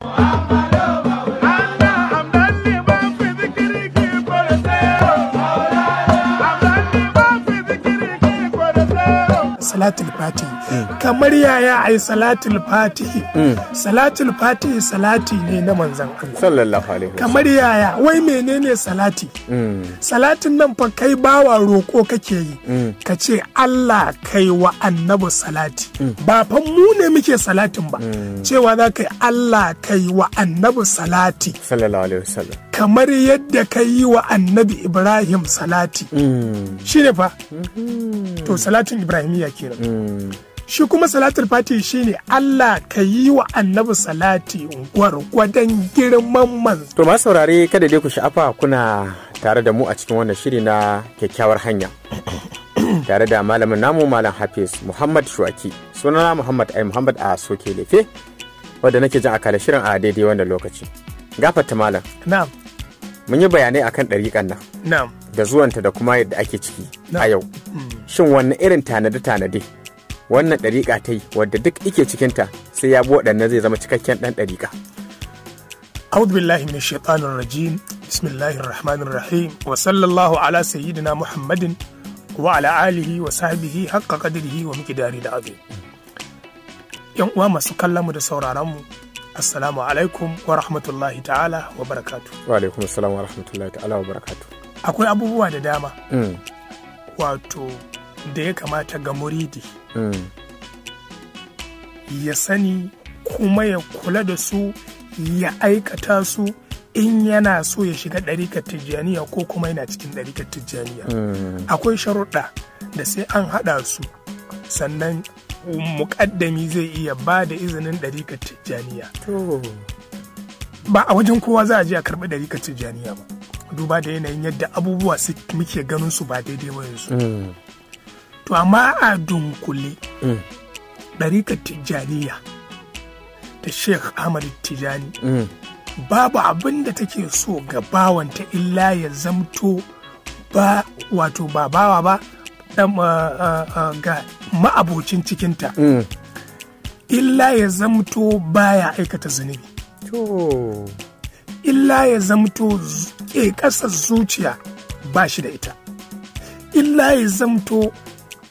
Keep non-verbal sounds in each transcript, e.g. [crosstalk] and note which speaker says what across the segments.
Speaker 1: Mama, salatul fati hmm. kamar yaya ai salatul fati hmm. salatul fati salati ne na manzan
Speaker 2: Allah
Speaker 1: kamar yaya wai menene salati hmm. salatin nan fa kai bawa roko kake yi ka ce Allah kai wa annabi salati ba fa mu ne muke salatin ba cewa za ka Allah kai wa annabi salati sallallahu alaihi wasallam kamar yadda ka yi wa annabi ibrahim salati mm. shi ne fa mm-hmm. to salatin ibrahimiyya kenan mm. shi kuma salatar fati shine Allah ka yi wa annabi salati gwargwadon girman man.
Speaker 2: To ma saurare kada dai ku sha'afa kuna tare da mu a cikin wannan shiri na kyakkyawar hanya. [coughs] tare da malamin namu malam Hafiz Muhammad Shuwaki sunana Muhammad ai Muhammad a soke lefe wadda nake jin kala shirin a daidai wannan lokaci. gafata malam. Na'am. mun yi bayanai akan ɗariƙan nan da zuwanta da kuma yadda ake ciki a yau
Speaker 1: mm.
Speaker 2: shin wani irin tanade-tanade wannan ɗariƙa ta yi wadda duk ike cikinta sai ya bi waɗannan zai zama cikakken ɗan ɗariƙa
Speaker 1: أعوذ بالله من الشيطان wa بسم ala sayyidina muhammadin wa ala alihi wa محمد وعلى آله wa حق da da العظيم yan uwa masu kallon mu da sauraron mu assalamu alaikum wa rahmatullahi ta'ala wa barakatu
Speaker 2: wa alaikum assalamu wa rahmatullahi ta'ala wa barakatu
Speaker 1: akwai abubuwa da dama mm. wato da ya kamata ga muridi mm. ya sani kuma ya kula da su ya aikata su in yana so ya shiga ɗarikar tijjaniya ko kuma yana cikin ɗarikar tijjaniya mm. akwai sharuɗa da sai an haɗa su sannan muƙaddami zai iya ba da izinin ɗarikar tijjaniya ba a wajen kowa za a je a karɓi ɗarikar tijjaniya ba duba da yanayin yadda abubuwa su muke ganin su ba daidai ba yanzu mm. to amma a dunkule mm. ɗarikar tijjaniya ta sheikh ahmad tijjani mm. babu abin da take so ga ta illa ya zamto ba wato ba bawa ba uh, uh, uh, ga ma'abocin cikinta mm. illa ya zamto baya aikata zunubi illa ya zamto ke ƙasar zuciya ba shi da ita illa ya zamto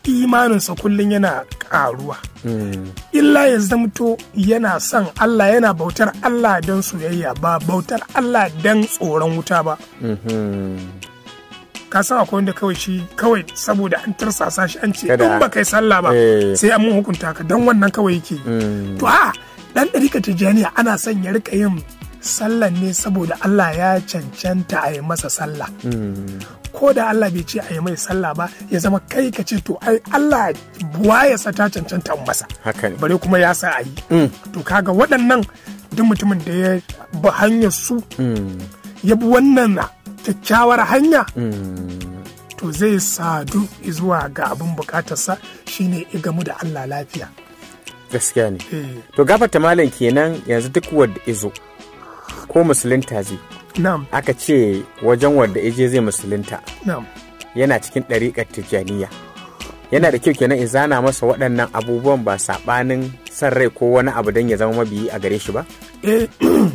Speaker 1: imaninsa kullum yana ƙaruwa mm. illa ya zamto yana son Allah yana bautar Allah don soyayya ba bautar Allah don tsoron wuta ba mm-hmm. ka san akwai wanda kawai shi kawai saboda an tarsasa shi an ce in ba kai sallah ba eh. sai an mun hukunta ka dan wannan kawai yake hmm. to a dan ɗarika tijjaniya ana son ya rika yin sallan ne saboda Allah ya cancanta a yi masa sallah hmm. ko da Allah bai ce a yi mai sallah ba ya zama kai ka ce to ai Allah sa ta cancanta masa bare kuma ya sa a yi hmm. to kaga waɗannan duk mutumin da ya bi hanyar su ya bi wannan kyakkyawar hanya mm. to zai sadu zuwa ga abin bukatarsa shine igamu da Allah lafiya
Speaker 2: gaskiya ne eh. to gafata malam kenan yanzu duk wadda izo ko musulunta zai aka ce wajen wadda ije zai musulunta yana cikin ɗariƙar tijjaniya yana da kyau kenan in zana masa waɗannan abubuwan ba saɓanin san rai ko wani abu don ya zama mabiyi a gare shi ba
Speaker 1: Eh, [clears throat]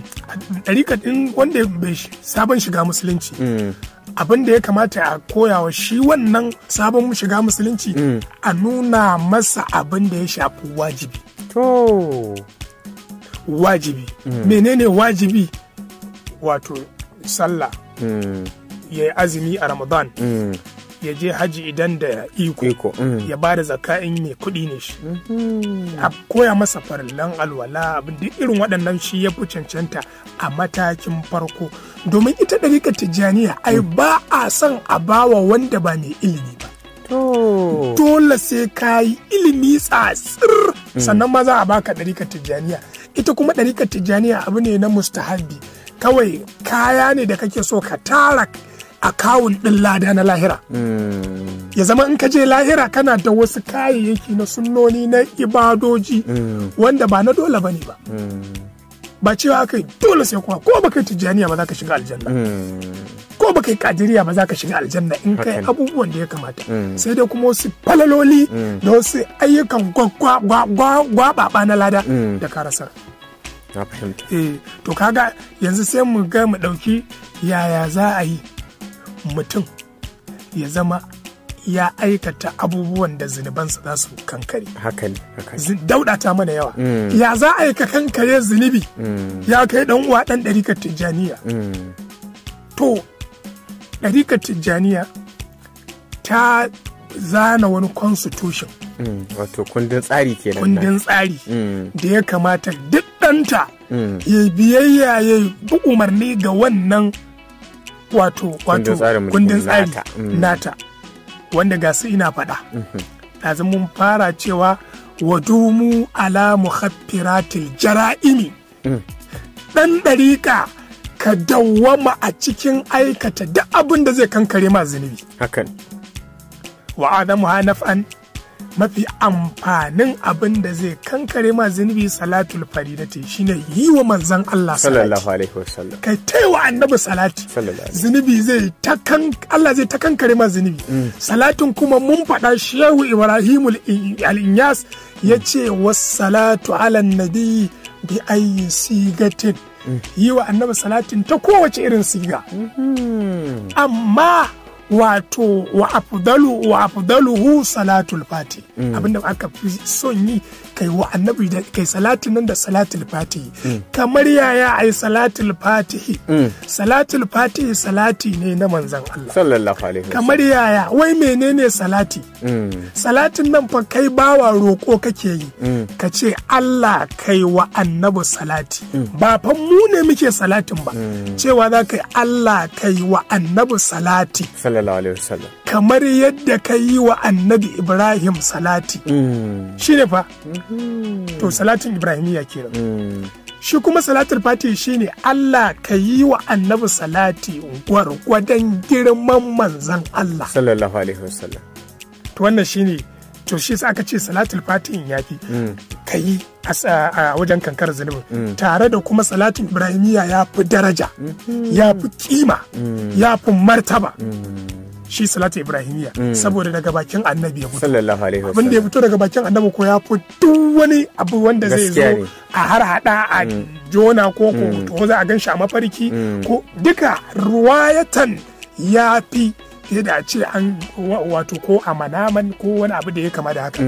Speaker 1: ɗarika ɗin wanda bai sabon shiga musulunci mm. abin da ya kamata a koyawa shi wannan sabon shiga musulunci mm. a nuna masa abin da ya shafi wajibi wajibi mm. menene wajibi wato sallah ya yi azumi a ramadan ya je haji idan da iko mm. ya ba da zakka mai kudi ne shi mm-hmm. a koya masa farillan alwala abin duk irin waɗannan shi ya fi cancanta a matakin farko domin ita ɗarika tijjaniya ai mm. ba a son a bawa wanda ba mai ilimi ba dole sai ka yi ilimi tsatsir mm. sannan ma za a baka ɗarika tijjaniya ita kuma ɗarika tijjaniya abu ne na mustahabi kawai kaya ne da kake so ka tara akawun ɗin lada na lahira.
Speaker 2: Hmm.
Speaker 1: Ya zama in ka je lahira kana da wasu kayayyaki na sunnoni na ibadoji hmm. wanda ba na dole bane ba. Hmm. Ba cewa aka yi dole sai kuma ko baka yi tijjaniya ba za ka shiga aljanna. Ko baka yi kadiriya ba za ka shiga aljanna in kai abubuwan da ya kamata. Sai dai kuma wasu falaloli da wasu ayyukan gwagwagwagwagwagwa na lada da ka rasa. Na fahimta. Eh, to kaga yanzu sai mu ga mu ɗauki yaya za a yi mutum ya zama ya aikata abubuwan da zunubansa za su kankare. Hakan, hakan. Dauda ta mana yawa. Mm. Ya za a yi ka kankare zunubi mm. ya kai ɗan uwa dan ɗarikar Tijjaniya. Mm. To, ɗarikar Tijjaniya ta zana wani constitution.
Speaker 2: Wato kundin tsari kenan. Kundin tsari da
Speaker 1: ya kamata
Speaker 2: duk ɗanta
Speaker 1: ya biyayya ya umarni ga wannan wato wato kundin tsari mm. nata wanda ga su ina faɗa mhm. ɗazin mun fara cewa wadumu ala muhaffiratil jara'imi mm. ɗan ɗariƙa ka dawwama a cikin aikata duk abin da zai kankare ma zunubi hakan wa adamu hanaf'an mafi amfanin abin da zai kankare ma zunubi salatul faridati shine yi wa manzan Allah sallallahu alaihi wasallam kai wa annabi salati zunubi zai ta kan, Allah zai ta kankare ma zunubi mm. salatin kuma mun faɗa shehu Ibrahim al-Inyas mm. yace wassalatu ala nabi bi ayyi sigatin mm. yi wa annabi salatin ta kowace irin siga mm-hmm. amma wato wa afdalu wa afdaluhu salatul fati mm. abinda aka fi son yi kai wa annabi da kai salatin nan da salatul fatihi kamar yaya ai salatul fatihi mm. salatul fatihi salati ne na manzon Allah
Speaker 2: sallallahu alaihi kamar yaya
Speaker 1: wai menene salati mm. salatin nan fa kai bawa roko kake yi mm. ka ce Allah kai wa annabi salati ba fa mu ne muke salatin ba cewa za ka yi Allah kai wa annabi salati sallallahu alaihi wasallam kamar yadda ka yi wa annabi Ibrahim salati shi ne fa mm-hmm. to salatin ibrahimiya kenan shi kuma salatul fati shine Allah ka yi wa annabi salati gwargwadon girman manzan Allah sallallahu alaihi wasallam to wannan shine to shi sa aka ce salatul fati fi. Mm. ka yi a wajen kankar zunubin mm. tare da kuma salatin ibrahimiyya ya fi daraja mm. ya fi kima ya fi martaba shi salatu ibrahimiya mm. saboda daga bakin annabi ya fito sallallahu alaihi ya fito daga bakin annabi ko ya fi duk wani abu wanda zai zo a har hada a mm. jona ko ko mm. za a ganshi a mafarki ko duka ruwayatan ya fi da ce an wato ko a manaman ko wani abu da ya kama da haka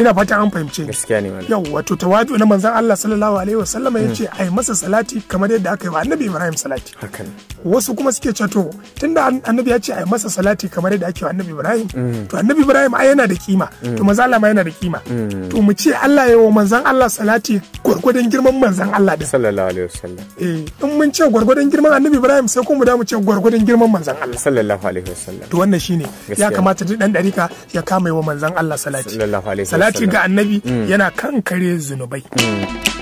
Speaker 1: ina fata an fahimce gaskiya ne yau wato tawadu na manzon Allah sallallahu alaihi wa ya ce ai masa salati kamar yadda aka yi wa annabi Ibrahim salati wasu kuma suke cewa to tunda annabi ya ce ai masa salati kamar yadda ake wa annabi Ibrahim mm. to annabi Ibrahim ai yana da kima mm. to manzon Allah ma yana da kima mm. to mu ce Allah ya wa manzon Allah salati gwargwadon girman manzon Allah da sallallahu alaihi sallam eh in mun ce gwargwadon girman annabi Ibrahim sai kuma da mu ce gwargwadon girman manzon Allah sallallahu alaihi sallam to wannan shine ya kamata duk dan dariƙa ya kama yi wa manzon Allah salati sallallahu alaihi salati ga annabi mm. yana kankare zunubai mm.